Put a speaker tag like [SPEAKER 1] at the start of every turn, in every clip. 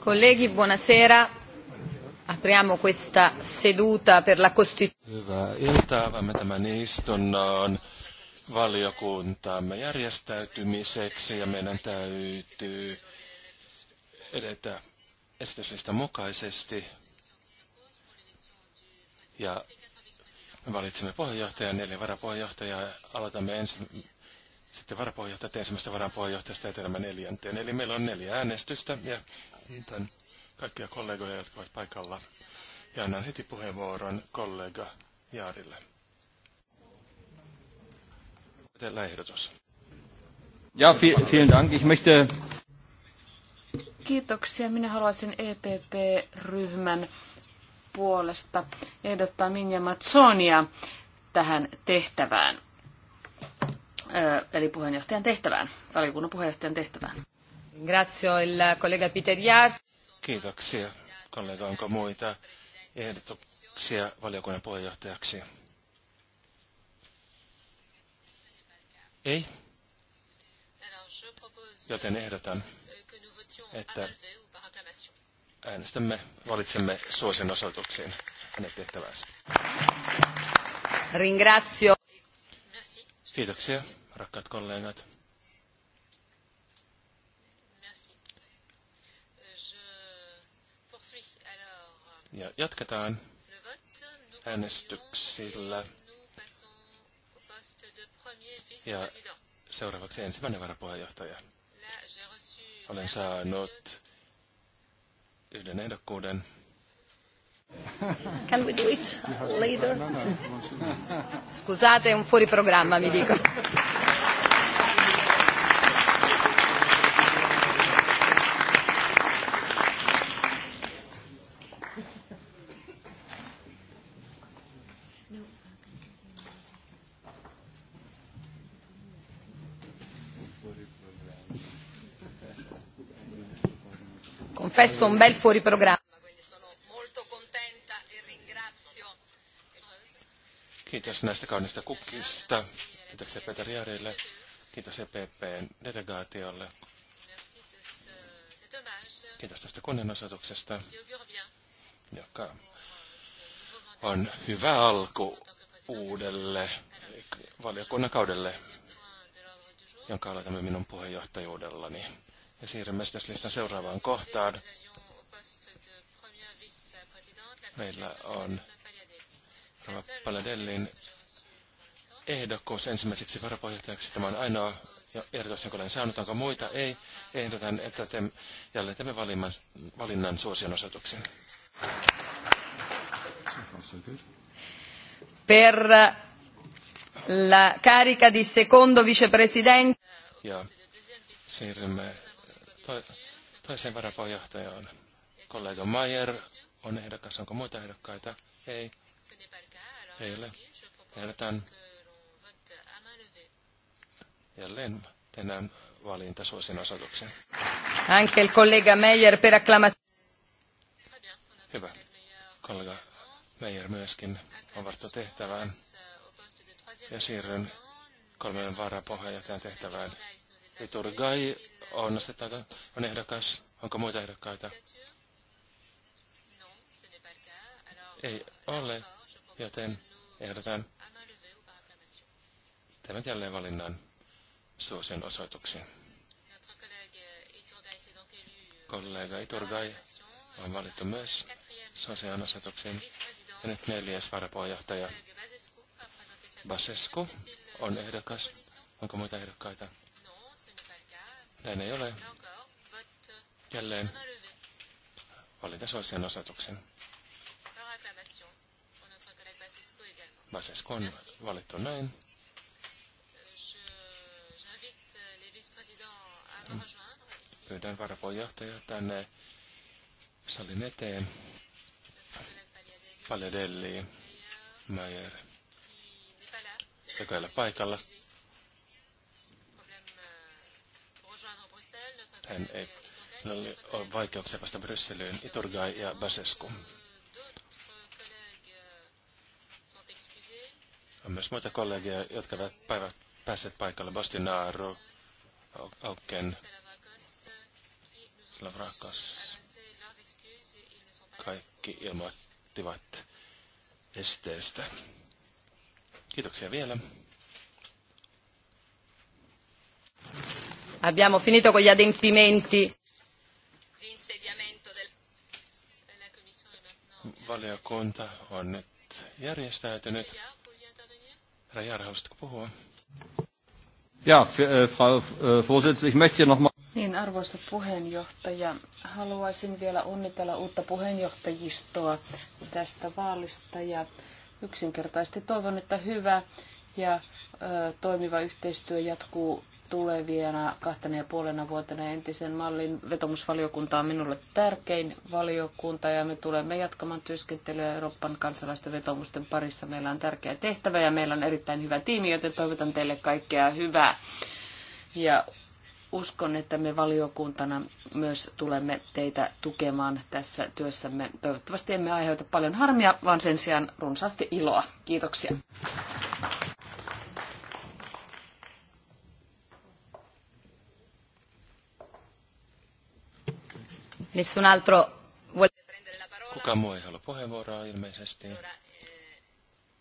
[SPEAKER 1] Colleghi, buonasera. Apriamo questa seduta per la Costituzione.
[SPEAKER 2] Hyvää iltaa. tämän istunnon järjestäytymiseksi ja meidän täytyy edetä esityslistan mukaisesti. Ja me valitsemme puheenjohtajan, eli varapuheenjohtajaa. Aloitamme ensin sitten varapuheenjohtajat ensimmäistä varapuheenjohtajasta etelämä neljänteen. Eli meillä on neljä äänestystä ja kiitän kaikkia kollegoja, jotka ovat paikalla. Ja annan heti puheenvuoron kollega Jaarille. Tällä ehdotus. Ja, vielen dank. Ich möchte...
[SPEAKER 3] Kiitoksia. Minä haluaisin EPP-ryhmän puolesta ehdottaa Minja Matsonia tähän tehtävään eli puheenjohtajan tehtävään, valiokunnan puheenjohtajan tehtävään. Peter
[SPEAKER 2] Kiitoksia. Kollega, onko muita ehdotuksia valiokunnan puheenjohtajaksi? Ei? Joten ehdotan, että äänestämme, valitsemme suosin osoituksiin hänen tehtävänsä.
[SPEAKER 1] Ringrazio.
[SPEAKER 2] Kiitoksia, rakkaat kollegat. Ja jatketaan äänestyksillä. Ja seuraavaksi ensimmäinen varapuheenjohtaja. Olen saanut yhden ehdokkuuden.
[SPEAKER 1] Can we do it later? No, no, no. Scusate, è un fuori programma, mi dico. Confesso un bel fuori programma.
[SPEAKER 2] Kiitos näistä kaunista kukkista. Kiitoksia Peter Jarille. Kiitos EPPn delegaatiolle. Kiitos tästä kunnianosoituksesta, joka on hyvä alku uudelle valiokunnan kaudelle, jonka aloitamme minun puheenjohtajuudellani. Ja siirrymme listan seuraavaan kohtaan. Meillä on Paladellin ehdokkuus ensimmäiseksi varapuheenjohtajaksi. Tämä on ainoa ehdotus, jonka olen saanut. Onko muita? Ei. Ehdotan, että te, jälleen teemme valinnan, valinnan suosion osoituksen.
[SPEAKER 1] Per la carica di secondo vicepresidente.
[SPEAKER 2] Ja siirrymme to, toiseen varapuheenjohtajaan. Kollega Mayer on ehdokas. Onko muita ehdokkaita? Ei. Ei ole. tämän jälleen tänään valinta suosin osoituksen.
[SPEAKER 1] Ankel kollega Meijer Meyer per
[SPEAKER 2] Hyvä. Kollega Meijer myöskin on varttu tehtävään. Ja siirryn kolmeen varapohjaajan tehtävään. Liturgai on, on ehdokas. Onko muita ehdokkaita? Ei ole, joten ehdotan tämän jälleen valinnan suosion osoituksiin. Kollega Iturgai on valittu myös suosion osoituksiin. Ja nyt neljäs varapuheenjohtaja Basescu on ehdokas. Onko muita ehdokkaita? Näin ei ole. Jälleen valinta suosion osoituksen. Basescu on valittu näin. Pyydän varapuheenjohtaja tänne salin eteen. Paljadelli Meyer, joka ei ole paikalla. Hän ei, on vaikeuksia päästä Brysseliin, Iturgai ja Basescu. On myös muita kollegia, jotka ovat päivät päässeet paikalle. Naaru, Auken, Slavrakas. Kaikki ilmoittivat esteestä. Kiitoksia vielä.
[SPEAKER 1] Abbiamo finito con gli adempimenti.
[SPEAKER 2] No. Valiokunta on nyt järjestäytynyt. Rajar, haluaisitko puhua?
[SPEAKER 3] Ja, äh, Frau äh, Vorsitzende, ich möchte mal... Niin, arvoisa puheenjohtaja, haluaisin vielä onnitella uutta puheenjohtajistoa tästä vaalista ja yksinkertaisesti toivon, että hyvä ja ö, toimiva yhteistyö jatkuu tulevina kahtena ja puolena vuotena entisen mallin vetomusvaliokunta on minulle tärkein valiokunta ja me tulemme jatkamaan työskentelyä Euroopan kansalaisten vetomusten parissa. Meillä on tärkeä tehtävä ja meillä on erittäin hyvä tiimi, joten toivotan teille kaikkea hyvää. Ja uskon, että me valiokuntana myös tulemme teitä tukemaan tässä työssämme. Toivottavasti emme aiheuta paljon harmia, vaan sen sijaan runsaasti iloa. Kiitoksia.
[SPEAKER 1] Nessun altro vuole prendere
[SPEAKER 2] la parola. Kuka muu ei halua puheenvuoroa ilmeisesti. Allora, eh,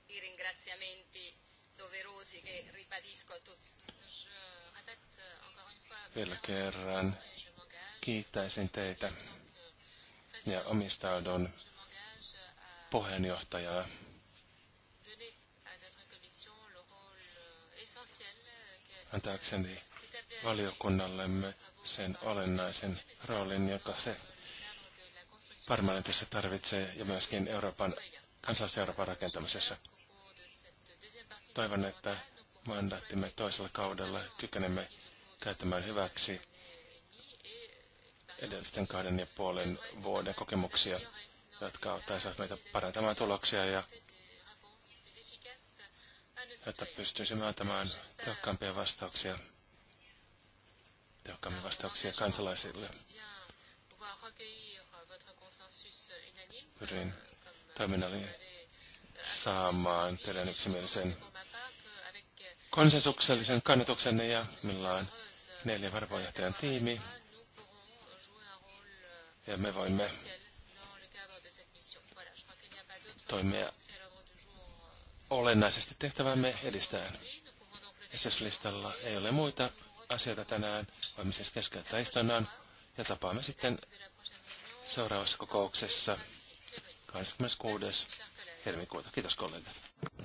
[SPEAKER 2] i ringraziamenti
[SPEAKER 1] doverosi che ribadisco a tutti.
[SPEAKER 2] Vielä kerran kiittäisin teitä ja omistaudun puheenjohtajaa. Antaakseni valiokunnallemme sen olennaisen roolin, joka se parlamentissa tarvitsee ja myöskin Euroopan, kansallisen Euroopan rakentamisessa. Toivon, että mandaattimme toisella kaudella kykenemme käyttämään hyväksi edellisten kahden ja puolen vuoden kokemuksia, jotka auttaisivat meitä parantamaan tuloksia ja että pystyisimme antamaan tehokkaampia vastauksia tehokkaammin vastauksia kansalaisille. Pyrin toiminnalle saamaan teidän yksimielisen konsensuksellisen kannatuksenne ja meillä on neljä varapuheenjohtajan tiimi. Ja me voimme toimia olennaisesti tehtävämme edistään. Esityslistalla ei ole muita asioita tänään. Voimme siis keskeyttää istunnan ja tapaamme sitten seuraavassa kokouksessa 26. helmikuuta. Kiitos kollegat.